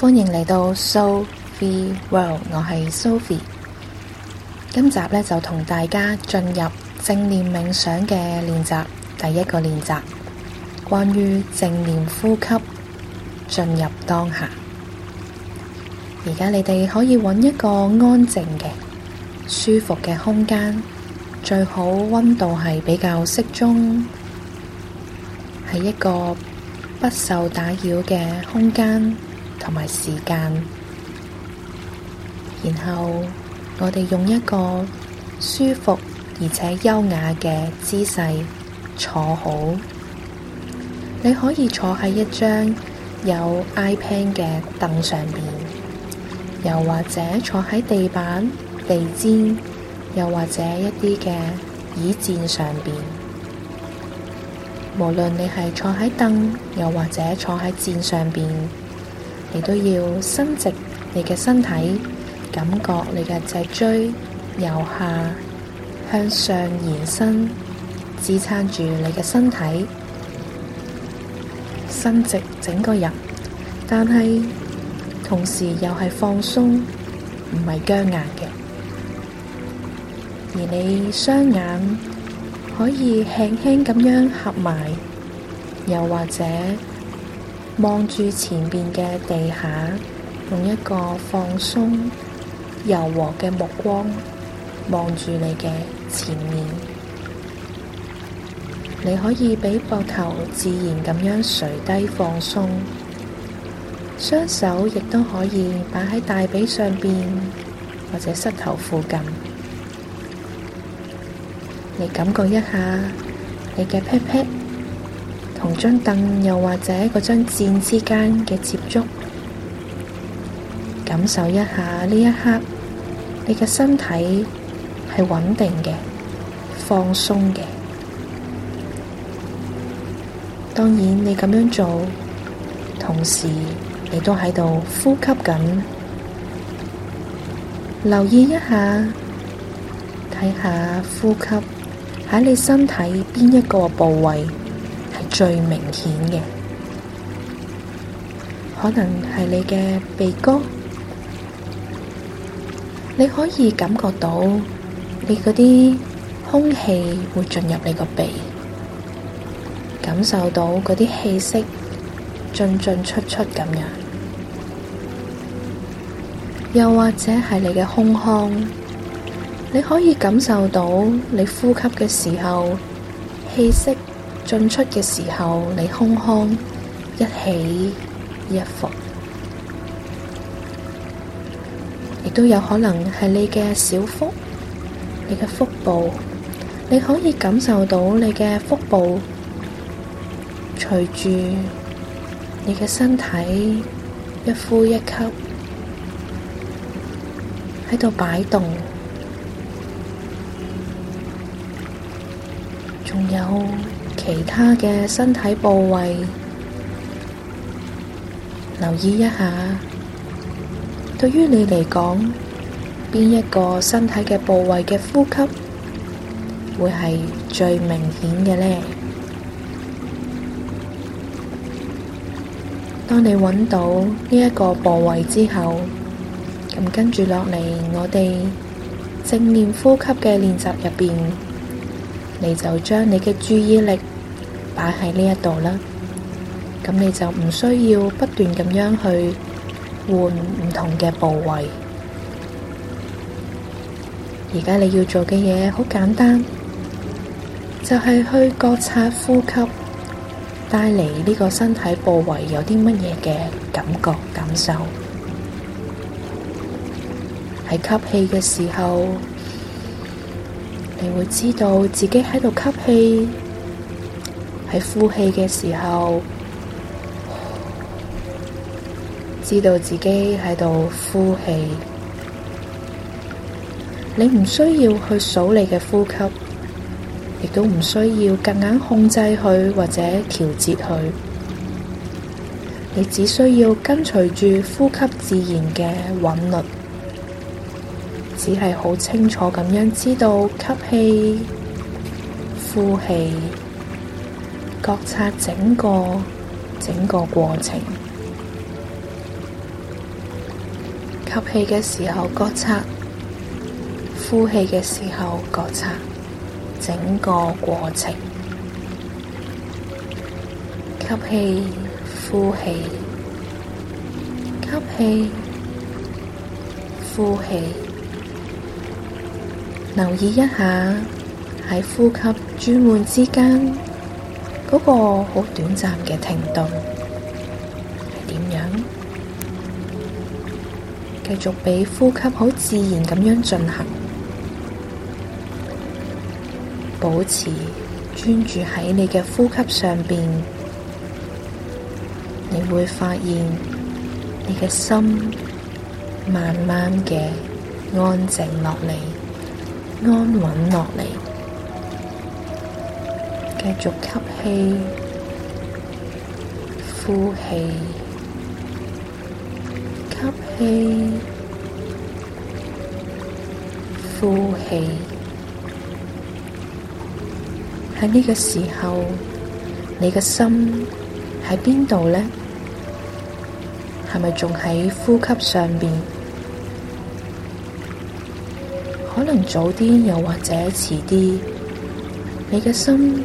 歡迎嚟到 Soul Free World，我係 Sophy。今集呢，就同大家進入正念冥想嘅練習，第一個練習關於正念呼吸，進入當下。而家你哋可以搵一個安靜嘅、舒服嘅空間，最好温度係比較適中，係一個不受打擾嘅空間。同埋時間，然後我哋用一個舒服而且優雅嘅姿勢坐好。你可以坐喺一張有 iPad 嘅凳上邊，又或者坐喺地板、地氈，又或者一啲嘅椅墊上邊。無論你係坐喺凳，又或者坐喺墊上邊。你都要伸直你嘅身體，感覺你嘅脊椎由下向上延伸，支撐住你嘅身體，伸直整個人。但係同時又係放鬆，唔係僵硬嘅。而你雙眼可以輕輕咁樣合埋，又或者。望住前面嘅地下，用一個放鬆柔和嘅目光望住你嘅前面。你可以畀膊頭自然咁樣垂低放鬆，雙手亦都可以擺喺大髀上邊或者膝頭附近。你感覺一下你嘅屁屁。同張凳又或者嗰張墊之間嘅接觸，感受一下呢一刻，你嘅身體係穩定嘅，放鬆嘅。當然，你咁樣做，同時你都喺度呼吸緊，留意一下，睇下呼吸喺你身體邊一個部位。最明顯嘅，可能係你嘅鼻哥，你可以感覺到你嗰啲空氣會進入你個鼻，感受到嗰啲氣息進進出出咁樣，又或者係你嘅胸腔，你可以感受到你呼吸嘅時候氣息。進出嘅時候，你胸腔一起一伏，亦都有可能係你嘅小腹，你嘅腹部，你可以感受到你嘅腹部隨住你嘅身體一呼一吸喺度擺動，仲有。其他嘅身體部位，留意一下。對於你嚟講，邊一個身體嘅部位嘅呼吸會係最明顯嘅呢？當你揾到呢一個部位之後，咁跟住落嚟，我哋正念呼吸嘅練習入邊，你就將你嘅注意力。擺喺呢一度啦，咁你就唔需要不斷咁樣去換唔同嘅部位。而家你要做嘅嘢好簡單，就係去覺察呼吸帶嚟呢個身體部位有啲乜嘢嘅感覺感受。喺吸氣嘅時候，你會知道自己喺度吸氣。喺呼氣嘅時候，知道自己喺度呼氣。你唔需要去數你嘅呼吸，亦都唔需要夾硬控制佢或者調節佢。你只需要跟隨住呼吸自然嘅韻律，只係好清楚咁樣知道吸氣、呼氣。覺察整個整個過程，吸氣嘅時候覺察，呼氣嘅時候覺察，整個過程。吸氣，呼氣，吸氣，呼氣。留意一下喺呼吸轉換之間。嗰個好短暫嘅停頓係點樣？繼續俾呼吸好自然咁樣進行，保持專注喺你嘅呼吸上面，你會發現你嘅心慢慢嘅安靜落嚟，安穩落嚟。繼續吸氣、呼氣、吸氣、呼氣。喺呢個時候，你嘅心喺邊度咧？係咪仲喺呼吸上邊？可能早啲，又或者遲啲，你嘅心。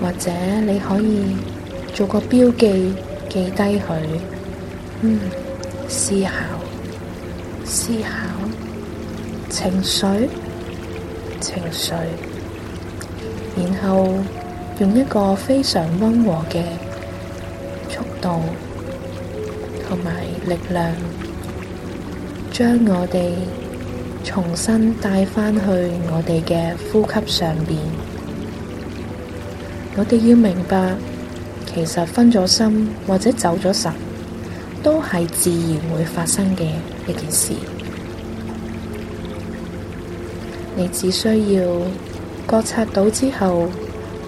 或者你可以做個標記記低佢，嗯，思考、思考、情緒、情緒，然後用一個非常溫和嘅速度同埋力量，將我哋重新帶返去我哋嘅呼吸上邊。我哋要明白，其實分咗心或者走咗神，都係自然會發生嘅一件事。你只需要覺察到之後，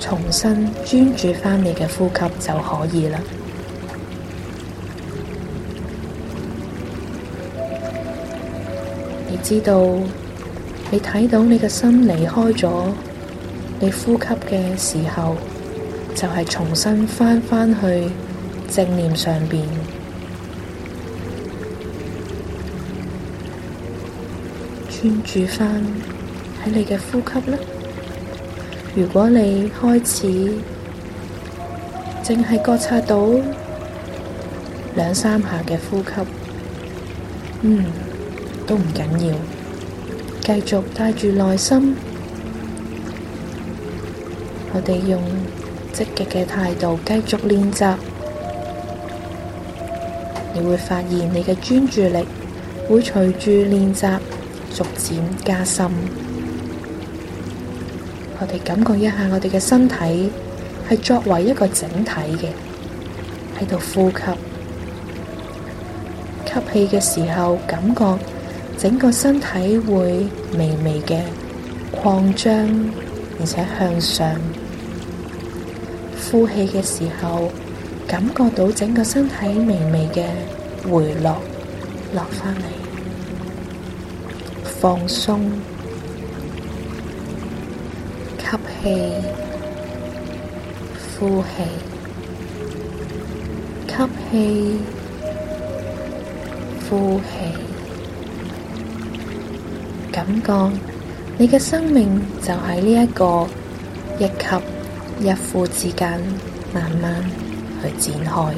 重新專注翻你嘅呼吸就可以啦。你知道，你睇到你嘅心離開咗你呼吸嘅時候。就係重新翻返去正念上邊，專注翻喺你嘅呼吸咧。如果你開始淨係覺察到兩三下嘅呼吸，嗯，都唔緊要，繼續帶住內心，我哋用。積極嘅態度，繼續練習，你會發現你嘅專注力會隨住練習逐漸加深。我哋感覺一下，我哋嘅身體係作為一個整體嘅，喺度呼吸，吸氣嘅時候，感覺整個身體會微微嘅擴張，而且向上。呼氣嘅時候，感覺到整個身體微微嘅回落，落返嚟，放鬆，吸氣，呼氣，吸氣，呼氣，感覺你嘅生命就喺呢一個一吸。一呼之間，慢慢去展開。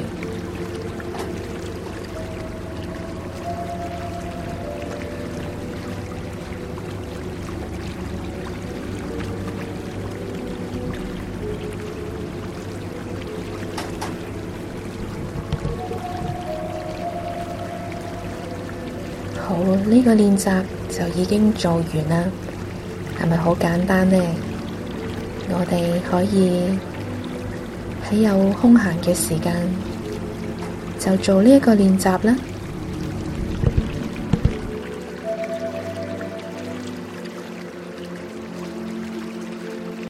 好，呢個練習就已經做完啦，係咪好簡單呢？我哋可以喺有空閒嘅時間，就做呢一個練習啦。